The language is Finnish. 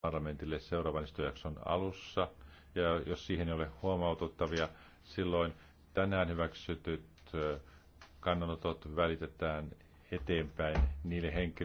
parlamentille seuraavan istujakson alussa. Ja jos siihen ei ole huomautettavia, silloin tänään hyväksytyt kannanotot välitetään eteenpäin niille henkilöille,